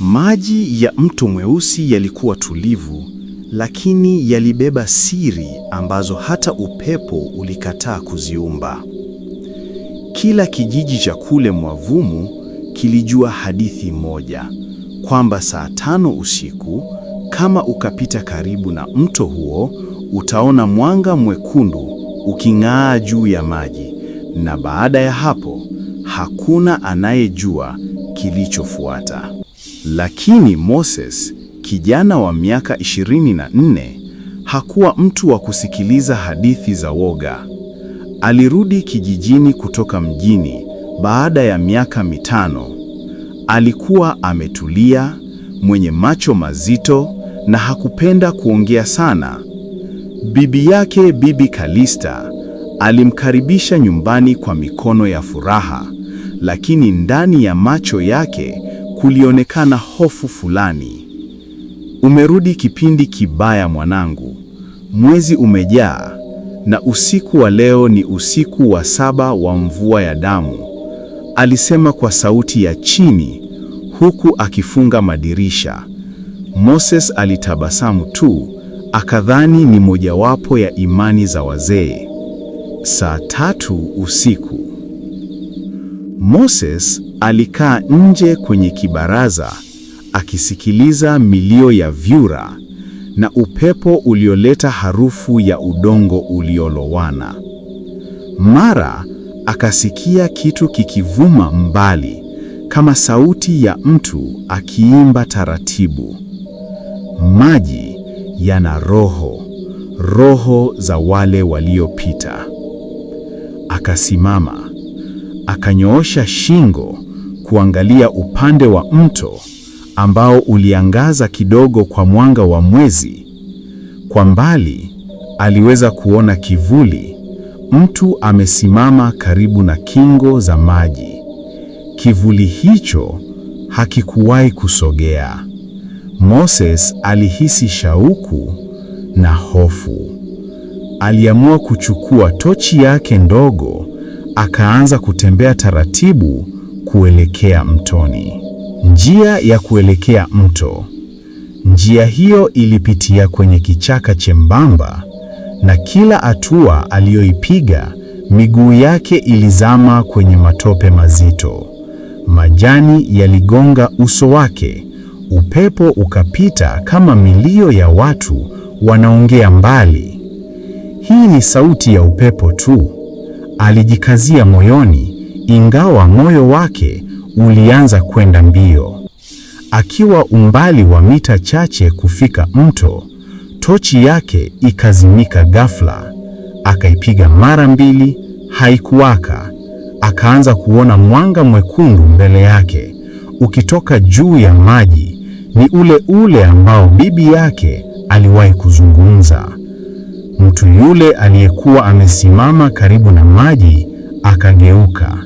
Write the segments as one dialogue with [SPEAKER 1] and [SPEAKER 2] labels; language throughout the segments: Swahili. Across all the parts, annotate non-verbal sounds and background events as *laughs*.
[SPEAKER 1] Maji ya mto mweusi yalikuwa tulivu, lakini yalibeba siri ambazo hata upepo ulikataa kuziumba. Kila kijiji cha kule Mwavumu kilijua hadithi moja, kwamba saa tano usiku kama ukapita karibu na mto huo, utaona mwanga mwekundu uking'aa juu ya maji, na baada ya hapo hakuna anayejua kilichofuata. Lakini Moses, kijana wa miaka 24, hakuwa mtu wa kusikiliza hadithi za woga. Alirudi kijijini kutoka mjini baada ya miaka mitano. Alikuwa ametulia, mwenye macho mazito na hakupenda kuongea sana. Bibi yake Bibi Kalista alimkaribisha nyumbani kwa mikono ya furaha, lakini ndani ya macho yake kulionekana hofu fulani. Umerudi kipindi kibaya mwanangu, mwezi umejaa, na usiku wa leo ni usiku wa saba wa mvua ya damu, alisema kwa sauti ya chini, huku akifunga madirisha. Moses alitabasamu tu, akadhani ni mojawapo ya imani za wazee. Saa tatu usiku Moses Alikaa nje kwenye kibaraza akisikiliza milio ya vyura na upepo ulioleta harufu ya udongo uliolowana. Mara akasikia kitu kikivuma mbali kama sauti ya mtu akiimba taratibu. Maji yana roho, roho za wale waliopita. Akasimama, akanyoosha shingo kuangalia upande wa mto ambao uliangaza kidogo kwa mwanga wa mwezi. Kwa mbali aliweza kuona kivuli, mtu amesimama karibu na kingo za maji. Kivuli hicho hakikuwahi kusogea. Moses alihisi shauku na hofu. Aliamua kuchukua tochi yake ndogo, akaanza kutembea taratibu kuelekea mtoni, njia ya kuelekea mto. Njia hiyo ilipitia kwenye kichaka chembamba, na kila hatua aliyoipiga miguu yake ilizama kwenye matope mazito. Majani yaligonga uso wake, upepo ukapita kama milio ya watu wanaongea mbali. Hii ni sauti ya upepo tu, alijikazia moyoni ingawa moyo wake ulianza kwenda mbio. Akiwa umbali wa mita chache kufika mto, tochi yake ikazimika ghafla. Akaipiga mara mbili, haikuwaka. Akaanza kuona mwanga mwekundu mbele yake ukitoka juu ya maji. Ni ule ule ambao bibi yake aliwahi kuzungumza. Mtu yule aliyekuwa amesimama karibu na maji akageuka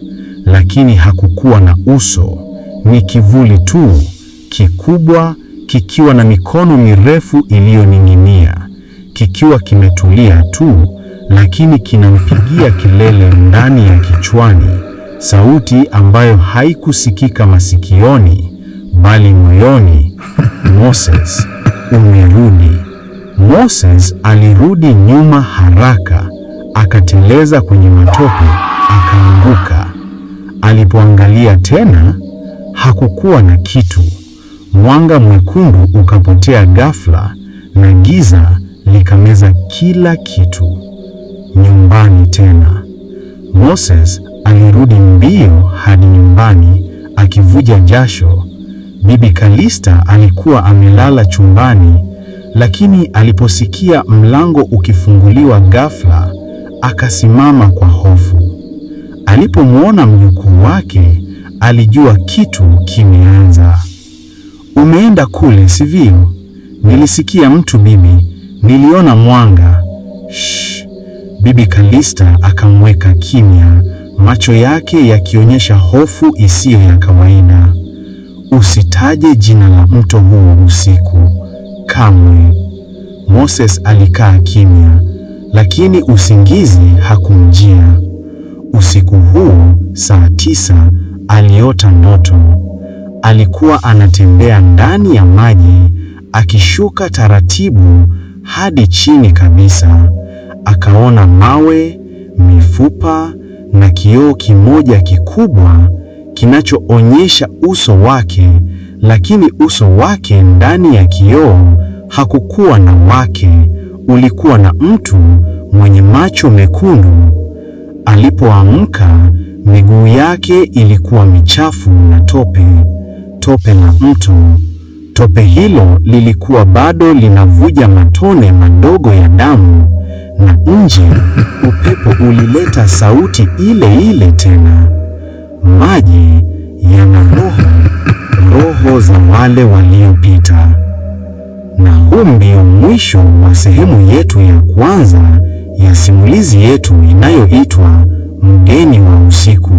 [SPEAKER 1] lakini hakukuwa na uso, ni kivuli tu kikubwa kikiwa na mikono mirefu iliyoning'inia, kikiwa kimetulia tu, lakini kinampigia kelele ndani ya kichwani, sauti ambayo haikusikika masikioni bali moyoni: Moses, umerudi. Moses alirudi nyuma haraka, akateleza kwenye matope, akaanguka. Alipoangalia tena hakukuwa na kitu. Mwanga mwekundu ukapotea ghafla na giza likameza kila kitu. Nyumbani tena. Moses alirudi mbio hadi nyumbani akivuja jasho. Bibi Kalista alikuwa amelala chumbani, lakini aliposikia mlango ukifunguliwa ghafla, akasimama kwa hofu. Alipomwona mjukuu wake alijua kitu kimeanza. Umeenda kule sivyo? Nilisikia mtu bibi, niliona mwanga. Shh. Bibi Kalista akamweka kimya, macho yake yakionyesha hofu isiyo ya kawaida. Usitaje jina la mto huo usiku kamwe. Moses alikaa kimya, lakini usingizi hakumjia. Usiku huu saa tisa aliota ndoto. Alikuwa anatembea ndani ya maji akishuka taratibu hadi chini kabisa. Akaona mawe, mifupa na kioo kimoja kikubwa kinachoonyesha uso wake, lakini uso wake ndani ya kioo hakukuwa na wake, ulikuwa na mtu mwenye macho mekundu Alipoamka miguu yake ilikuwa michafu na tope, tope na mto. Tope hilo lilikuwa bado linavuja matone madogo ya damu, na nje *laughs* upepo ulileta sauti ile ile tena, maji yana roho, roho za wale waliopita. Na huu ndio mwisho wa sehemu yetu ya kwanza ya simulizi yetu inayoitwa Mgeni wa Usiku.